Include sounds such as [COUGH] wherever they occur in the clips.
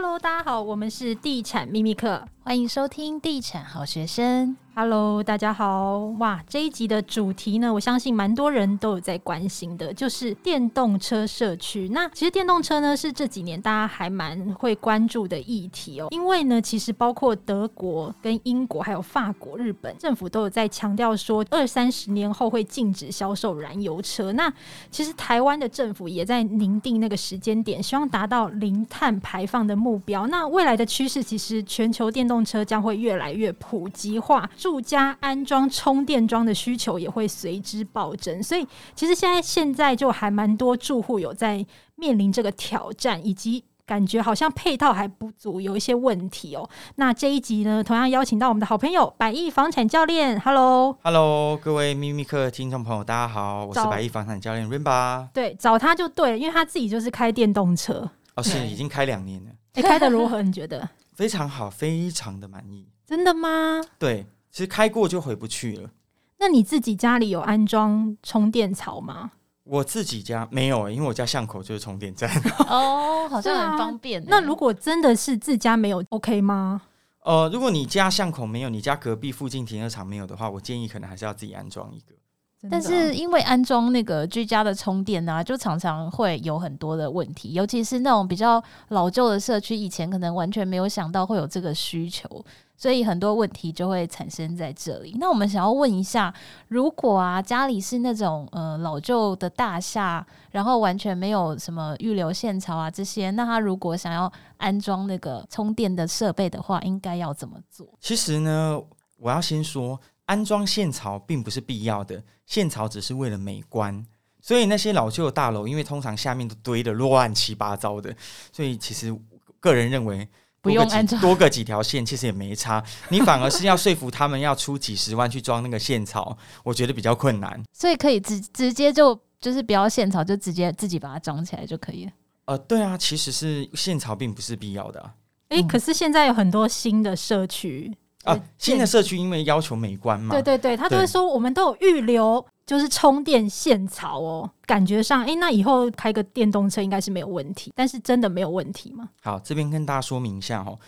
Hello，大家好，我們是地產秘密客。歡迎收聽《地產好學生》。Hello，大家好！哇，這一集的主題呢，我相信蠻多人都有在關心的，就是電動車社區。那其實電動車呢，是這幾年大家還蠻會關注的議題哦。因為呢，其實包括德國、跟英國、還有法國、日本政府都有在強調說，二三十年後會禁止銷售燃油車。那其實台灣的政府也在擬定那個時間點，希望達到零碳排放的目標。那未來的趨勢，其實全球電動。車將會越來越普及化，住家安裝充電樁的需求也會隨之暴增。所以，其實現在現在就還蠻多住戶有在面臨這個挑戰，以及感覺好像配套還不足，有一些問題哦、喔。那這一集呢，同樣邀請到我們的好朋友百億房產教練，Hello，Hello，各位秘密客聽眾朋友，大家好，我是百億房產教練 Renba 對，找他就對了，因為他自己就是開電動車哦，是已經開兩年了。你、欸、開得如何？你覺得？ [LAUGHS] 非常好，非常的滿意。真的嗎？對，其實開過就回不去了。那你自己家裡有安裝充電樁嗎？我自己家沒有，因為我家巷口就是充電站。 [LAUGHS] 哦，好像很方便、啊。那如果真的是自家沒有，OK 嗎？呃，如果你家巷口沒有，你家隔壁附近停車場沒有的話，我建議可能還是要自己安裝一個。啊、但是因為安裝那個居家的充電呢、啊，就常常會有很多的問題，尤其是那種比較老舊的社區，以前可能完全沒有想到會有這個需求，所以很多問題就會產生在這裡。那我們想要問一下，如果啊家裡是那種呃老舊的大廈，然後完全沒有什麼預留線槽啊這些，那他如果想要安裝那個充電的設備的話，應該要怎麼做？其實呢，我要先說。安裝線槽並不是必要的，線槽只是為了美觀。所以那些老舊的大樓，因為通常下面都堆得亂七八糟的，所以其實個人認為，不用安裝多個幾條線，其實也沒差。 [LAUGHS] 你反而是要說服他們要出幾十萬去裝那個線槽， [LAUGHS] 我覺得比較困難。所以可以直直接就就是不要線槽，就直接自己把它裝起來就可以了。呃，對啊，其實是線槽並不是必要的啊。誒，欸嗯，可是現在有很多新的社區。啊，新的社區因為要求美觀嘛，對對對，他都會說我們都有預留，就是充電線槽哦、喔。感覺上，誒、欸，那以後開個電動車應該是沒有問題，但是真的沒有問題嗎？好，這邊跟大家說明一下哦、喔，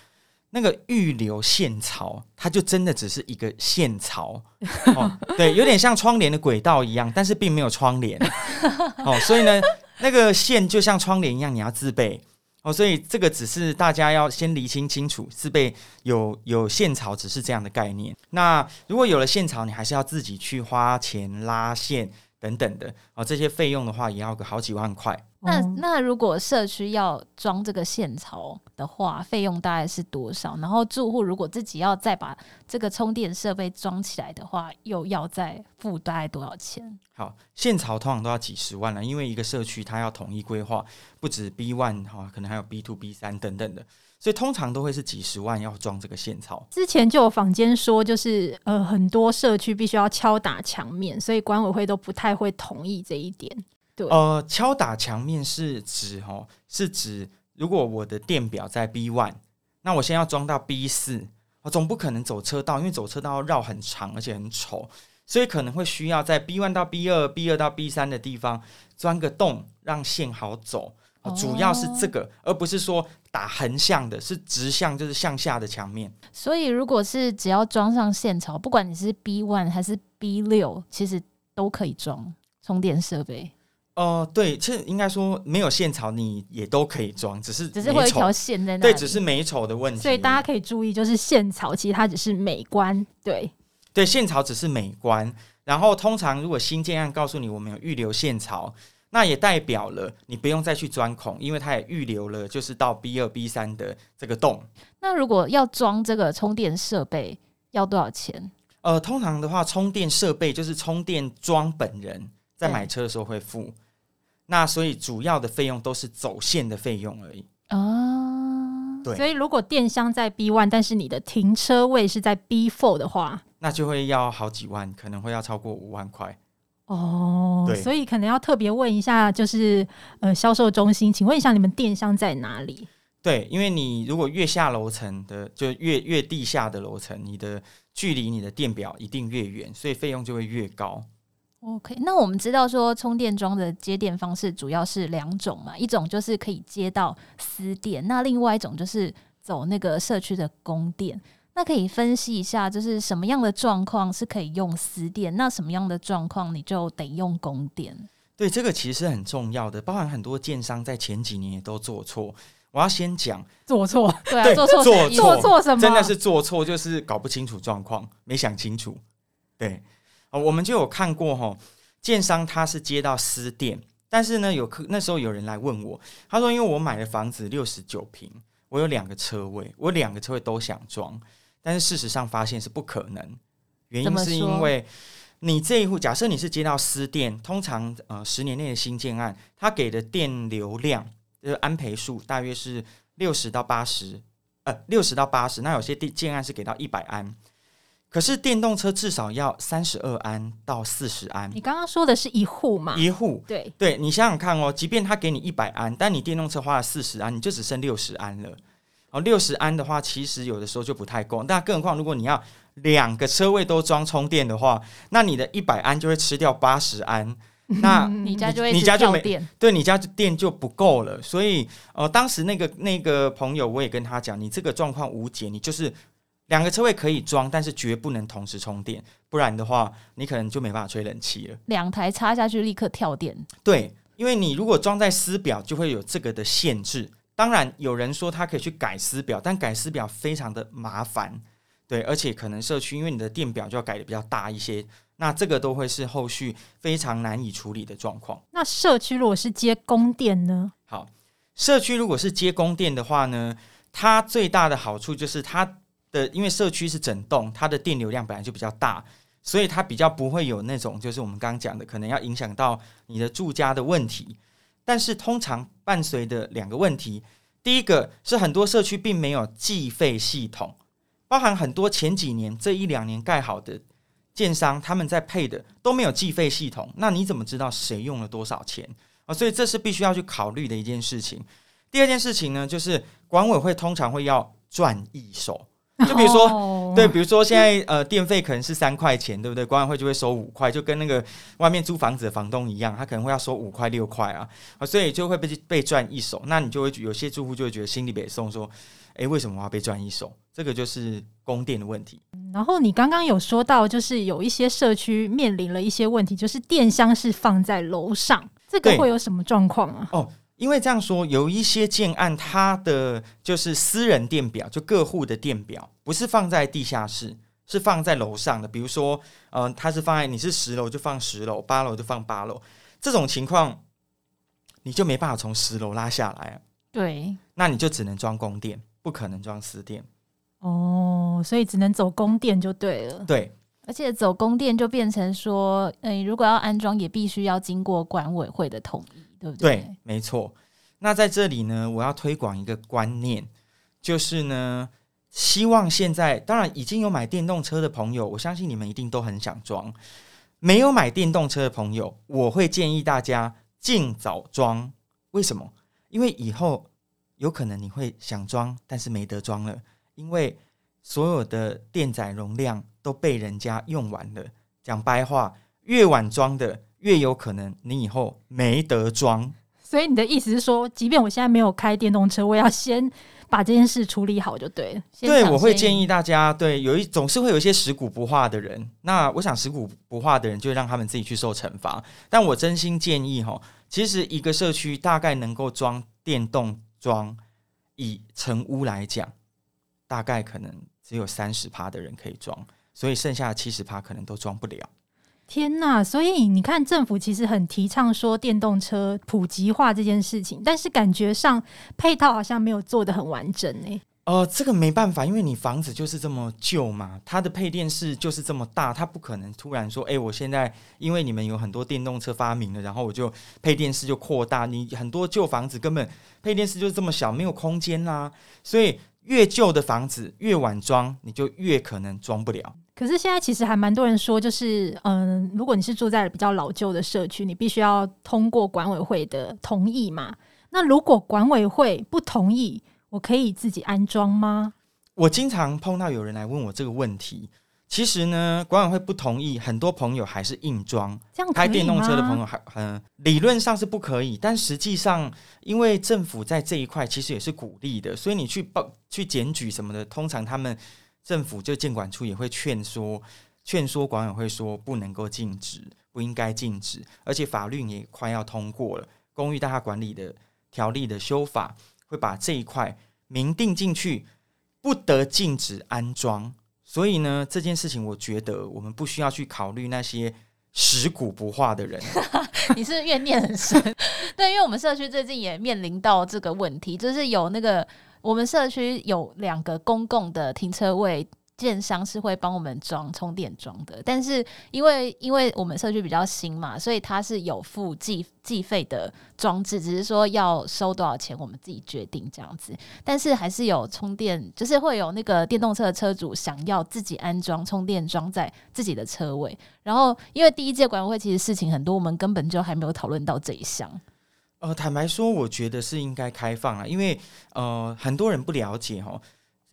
那個預留線槽，它就真的只是一個線槽哦、 [LAUGHS] 喔，對，有點像窗簾的軌道一樣，但是並沒有窗簾哦、 [LAUGHS] 喔，所以呢，那個線就像窗簾一樣，你要自備。哦，所以這個只是大家要先理清清楚，是被有有線槽，只是這樣的概念。那如果有了線槽，你還是要自己去花錢拉線等等的。啊、哦，這些費用的話，也要個好幾萬塊。那那如果社區要裝這個線槽的話，費用大概是多少？然後住戶如果自己要再把這個充電設備裝起來的話，又要再付大概多少錢？好，線槽通常都要幾十萬了，因為一個社區它要統一規劃，不止 B one 哈，可能還有 B two B 三等等的，所以通常都會是幾十萬要裝這個線槽。之前就有坊間說，就是呃很多社區必須要敲打牆面，所以管委會都不太會同意這一點。呃，敲打牆面是指哈、哦，是指如果我的電表在 B one，那我先要裝到 B 四、哦，我總不可能走車道，因為走車道要繞很長，而且很醜，所以可能會需要在 B one 到 B 二、B 二到 B 三的地方鑽個洞，讓線好走、哦哦。主要是這個，而不是說打橫向的，是直向，就是向下的牆面。所以，如果是只要裝上線槽，不管你是 B one 還是 B 六，其實都可以裝充電設備。哦、呃，對，其實應該說沒有線槽你也都可以裝，只是沒只是會有一條線在那裡，對，只是美醜的問題。所以大家可以注意，就是線槽其實它只是美觀，對對，線槽只是美觀。然後通常如果新建案告訴你我們有預留線槽，那也代表了你不用再去鑽孔，因為它也預留了，就是到 B 二 B 三的這個洞。那如果要裝這個充電設備要多少錢？呃，通常的話，充電設備就是充電樁本人在買車的時候會付。那所以主要的費用都是走線的費用而已啊，哦，對，所以如果電箱在 B1，但是你的停車位是在 B4 的話，那就會要好幾萬，可能會要超過五萬塊。哦，對，所以可能要特別問一下，就是呃，銷售中心，請問一下你們電箱在哪裡？對，因為你如果越下樓層的，就越越地下的樓層，你的距離你的電表一定越遠，所以費用就會越高。OK，那我們知道說充電樁的接電方式主要是兩種嘛，一種就是可以接到私電，那另外一種就是走那個社區的供電。那可以分析一下，就是什麼樣的狀況是可以用私電，那什麼樣的狀況你就得用供電。對，這個其實很重要的，包含很多建商在前幾年也都做錯。我要先講做錯，對啊，做錯，對，做錯，做錯什麼？真的是做錯，就是搞不清楚狀況，沒想清楚，對。我們就有看過吼，建商他是接到私電，但是呢，有客那時候有人來問我，他說，因為我買的房子六十九坪，我有兩個車位，我兩個車位都想裝，但是事實上發現是不可能，原因是因為你這一戶，假設你是接到私電，通常呃十年內的新建案，他給的電流量呃、就是、安培數大約是六十到八十、呃，呃六十到八十，那有些建建案是給到一百安。可是電動車至少要三十二安到四十安。你剛剛說的是一戶嘛？一戶，對對。你想想看哦，即便他給你一百安，但你電動車花了四十安，你就只剩六十安了。哦，六十安的話，其實有的時候就不太夠。那更何況如果你要兩個車位都裝充電的話，那你的一百安就會吃掉八十安。嗯、那你,你家就會你家就沒，對你家電就不夠了。所以，哦、呃，當時那個那個朋友，我也跟他講，你這個狀況無解，你就是。兩個車位可以裝，但是絕不能同時充電，不然的話，你可能就沒辦法吹冷氣了。兩台插下去立刻跳電。對，因為你如果裝在私表，就會有這個的限制。當然，有人說它可以去改私表，但改私表非常的麻煩。對，而且可能社區因為你的電表就要改得比較大一些，那這個都會是後續非常難以處理的狀況。那社區如果是接供電呢？好，社區如果是接供電的話呢，它最大的好處就是它。的，因為社區是整棟，它的電流量本來就比較大，所以它比較不會有那種，就是我們剛剛講的，可能要影響到你的住家的問題。但是通常伴隨的兩個問題，第一個是很多社區並沒有計費系統，包含很多前幾年、這一兩年蓋好的建商他們在配的都沒有計費系統，那你怎麼知道誰用了多少錢啊？所以這是必須要去考慮的一件事情。第二件事情呢，就是管委會通常會要賺一手。就比如說，oh. 對，比如說現在呃，電費可能是三塊錢，對不對？管委會就會收五塊，就跟那個外面租房子的房東一樣，他可能會要收五塊六塊啊，所以就會被被賺一手，那你就會有些住戶就會覺得心裡北宋，說，哎、欸，為什麼我要被賺一手？這個就是供電的問題。然後你剛剛有說到，就是有一些社區面臨了一些問題，就是電箱是放在樓上，這個會有什麼狀況啊？因為這樣說，有一些建案，它的就是私人電表，就各戶的電表，不是放在地下室，是放在樓上的。比如說，嗯、呃，它是放在你是十樓就放十樓，八樓就放八樓，這種情況，你就沒辦法從十樓拉下來。對，那你就只能裝供電，不可能裝私電。哦，所以只能走供電就對了。對，而且走供電就變成說，嗯、呃，如果要安裝，也必須要經過管委會的同意。對，對，對，沒錯。那在這裡呢，我要推廣一個觀念，就是呢，希望現在當然已經有買電動車的朋友，我相信你們一定都很想裝。沒有買電動車的朋友，我會建議大家儘早裝。為什麼？因為以後有可能你會想裝，但是沒得裝了，因為所有的電載容量都被人家用完了。講白話，越晚裝的。越有可能你以後沒得裝，所以你的意思是說，即便我現在沒有開電動車，我也要先把這件事處理好，就對了。對，我會建議大家，對，有一總是會有一些食古不化的人，那我想食古不化的人就讓他們自己去受懲罰。但我真心建議哈，其實一個社區大概能夠裝電動樁，以成屋來講，大概可能只有三十趴的人可以裝，所以剩下七十趴可能都裝不了。天吶！所以你看，政府其實很提倡說電動車普及化這件事情，但是感覺上配套好像沒有做得很完整呢。呃，這個沒辦法，因為你房子就是這麼舊嘛，它的配電室就是這麼大，它不可能突然說，哎、欸，我現在因為你們有很多電動車發明了，然後我就配電室就擴大。你很多舊房子根本配電室就是這麼小，沒有空間啦。所以越舊的房子越晚裝，你就越可能裝不了。可是現在其實還蠻多人說，就是嗯，如果你是住在比較老舊的社區，你必須要通過管委會的同意嘛。那如果管委會不同意，我可以自己安裝嗎？我經常碰到有人來問我這個問題。其實呢，管委會不同意，很多朋友還是硬裝。這樣可以嗎？開電動車的朋友還嗯，理論上是不可以，但實際上因為政府在這一塊其實也是鼓勵的，所以你去報去檢舉什麼的，通常他們。政府就建管處也會勸說，勸說管委會說不能夠禁止，不應該禁止，而且法律也快要通過了，公寓大廈管理的條例的修法會把這一塊明定進去，不得禁止安裝。所以呢，這件事情我覺得我們不需要去考慮那些食古不化的人。 [LAUGHS] 你是，是怨念很深， [LAUGHS] 對？因為我們社區最近也面臨到這個問題，就是有那個。我們社區有兩個公共的停車位，建商，是會幫我們裝充電樁的。但是因為因為我們社區比較新嘛，所以它是有付計計費的裝置，只是說要收多少錢，我們自己決定這樣子。但是還是有充電，就是會有那個電動車的車主想要自己安裝充電樁在自己的車位。然後因為第一屆管委會其實事情很多，我們根本就還沒有討論到這一項。呃，坦白說，我覺得是應該開放了，因為呃，很多人不了解吼，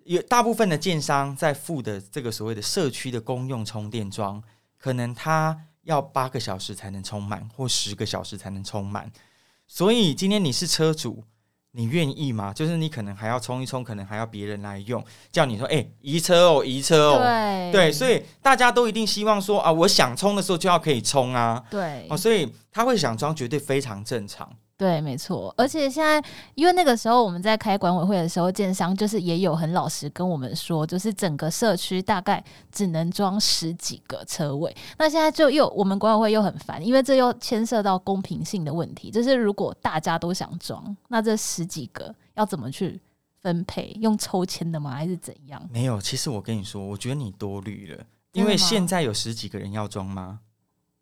有大部分的建商在付的這個所謂的社區的公用充電樁，可能他要八個小時才能充滿，或十個小時才能充滿。所以今天你是車主，你願意嗎？就是你可能還要充一充，可能還要別人來用，叫你說欸，移車哦，移車哦，對對，所以大家都一定希望說啊，我想充的時候就要可以充啊，對哦，所以他會想裝，絕對非常正常。對，沒錯。而且現在，因為那個時候我們在開管委會的時候，建商就是也有很老實跟我們說，就是整個社區大概只能裝十幾個車位。那現在就又我們管委會又很煩，因為這又牽涉到公平性的問題。就是如果大家都想裝，那這十幾個要怎麼去分配？用抽籤的嗎？還是怎樣？沒有。其實我跟你說，我覺得你多慮了。因為現在有十幾個人要裝嗎？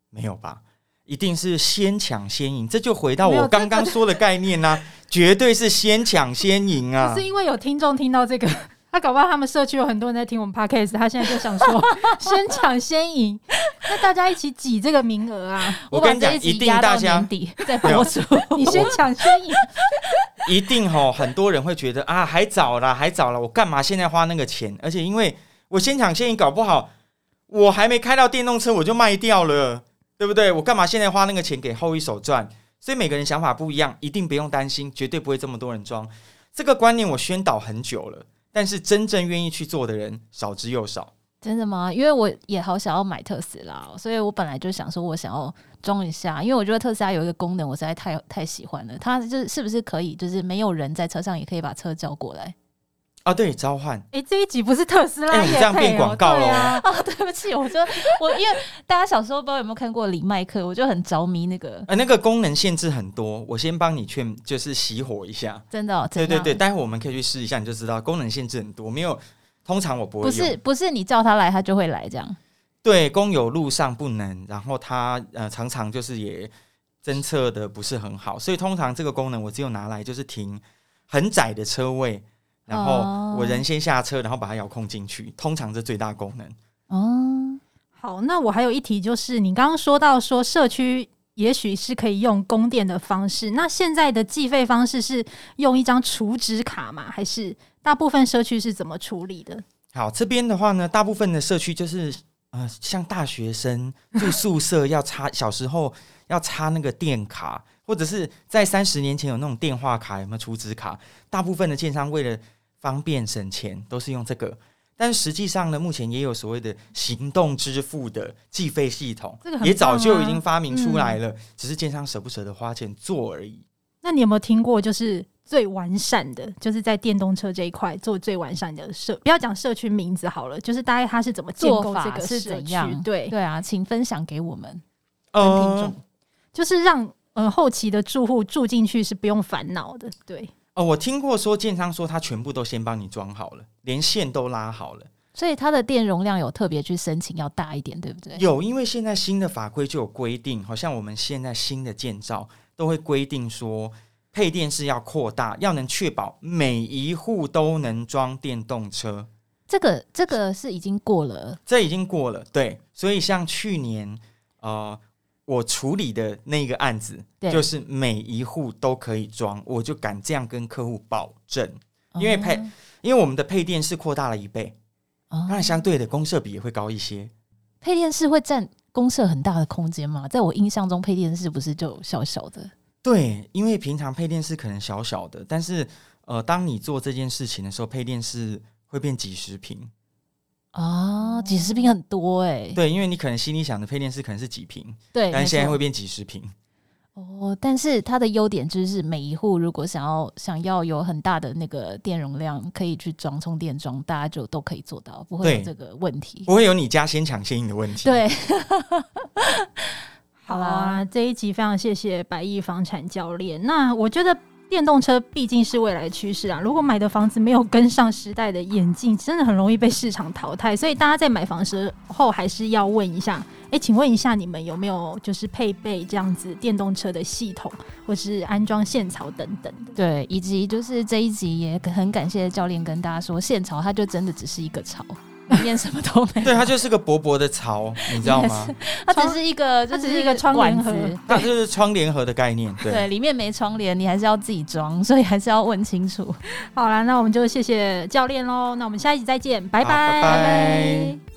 沒有吧。一定是先搶先贏，這就回到我剛剛說的概念啦、啊，這個、絕對是先搶先贏啊！可是因為有聽眾聽到這個，他、啊、搞不好他們社區有很多人在聽我們 Podcast，他現在就想說 [LAUGHS] 先搶先贏，那大家一起擠這個名額啊！我跟你講我一定大家坑底，在播你先搶先贏， [LAUGHS] 一定哈、哦！很多人會覺得啊，還早啦，還早啦，我幹嘛現在花那個錢？而且因為我先搶先贏，搞不好我還沒開到電動車，我就賣掉了。對不對？我幹嘛現在花那個錢給後一手賺？所以每個人想法不一樣，一定不用擔心，絕對不會這麼多人裝。這個觀念我宣導很久了，但是真正願意去做的人少之又少。真的嗎？因為我也好想要買特斯拉，所以我本來就想說，我想要裝一下，因為我覺得特斯拉有一個功能，我實在太太喜歡了。它就是是不是可以，就是沒有人在車上，也可以把車叫過來？啊，對，召喚！哎、欸，這一集不是特斯拉、欸？你這樣變廣告了、喔、啊、喔！對不起，我說 [LAUGHS] 我因為大家小時候不知道有沒有看過李麥克，我就很着迷那個。呃，那個功能限制很多，我先幫你勸，就是熄火一下。真的、喔？對對對，待會我們可以去試一下，你就知道功能限制很多，沒有。通常我不會。不是不是，你叫他來，他就會來這樣？對，公有路上不能，然後他呃常常就是也偵測的不是很好，所以通常這個功能我只有拿來就是停很窄的車位。然後我人先下車，然後把它遙控進去。通常這最大功能。哦、嗯，好，那我還有一題，就是你剛剛說到說社區也許是可以用公電的方式，那現在的計費方式是用一張儲值卡嗎？還是大部分社區是怎麼處理的？好，這邊的話呢，大部分的社區就是呃，像大學生住宿舍要插小時候。 [LAUGHS] 要插那個電卡，或者是在三十年前有那種電話卡，有沒有儲值卡？大部分的建商為了方便省錢，都是用這個。但實際上呢，目前也有所謂的行動支付的計費系統，這個，也早就已經發明出來了，嗯、只是建商舍不舍得花錢做而已。那你有沒有聽過，就是最完善的，就是在電動車這一塊做最完善的社，不要講社區名字好了，就是大概它是怎麼建構這個是怎樣？對對啊，請分享給我們就是讓呃、嗯、後期的住戶住進去是不用煩惱的，對。哦，我聽過說建商說他全部都先幫你裝好了，連線都拉好了，所以他的電容量有特別去申請要大一點，對不對？有，因為現在新的法規就有規定，好像我們現在新的建造都會規定說配電是要擴大，要能確保每一戶都能裝電動車。這個這個是已經過了，這已經過了，對。所以像去年呃。我處理的那個案子，就是每一戶都可以裝，我就敢這樣跟客戶保證，嗯，因為配，因為我們的配電室擴大了一倍，啊、嗯，那相對的公設比也會高一些。配電室會佔公設很大的空間嘛？在我印象中，配電室不是就小小的？對，因為平常配電室可能小小的，但是呃，當你做這件事情的時候，配電室會變幾十平。哦，幾十平很多哎、欸。對，因為你可能心裡想的配電室可能是幾平，對，但現在會變幾十平。哦，但是它的優點就是，每一戶如果想要想要有很大的那個電容量，可以去裝充電樁，大家就都可以做到，不會有這個問題，不會有你家先搶先贏的問題。對， [LAUGHS] 好啦，這一集非常謝謝百億房產教練。那我覺得。電動車畢竟是未來趨勢啊！如果買的房子沒有跟上時代的演進，真的很容易被市場淘汰。所以大家在買房的時候，還是要問一下：誒、欸，請問一下你們有沒有就是配備這樣子電動車的系統，或是安裝線槽等等？對，以及就是這一集也很感謝教練跟大家說，線槽它就真的只是一個槽。裡面什麼都沒， [LAUGHS] 對，它就是個薄薄的槽， [LAUGHS] 你知道嗎？它只是一個，就是、它只是一個窗簾盒，它就是窗簾盒的概念對。對，裡面沒窗簾，你還是要自己裝，所以還是要問清楚。 [LAUGHS] 好啦，那我們就謝謝教練嘍，那我們下一集再見，啊、拜拜。拜拜拜拜。